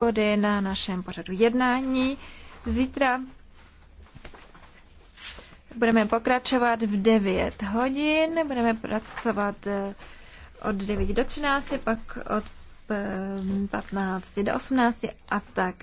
body na našem pořadu jednání. Zítra budeme pokračovat v 9 hodin, budeme pracovat eh, od 9 do 13, pak od 15 eh, do 18 a tak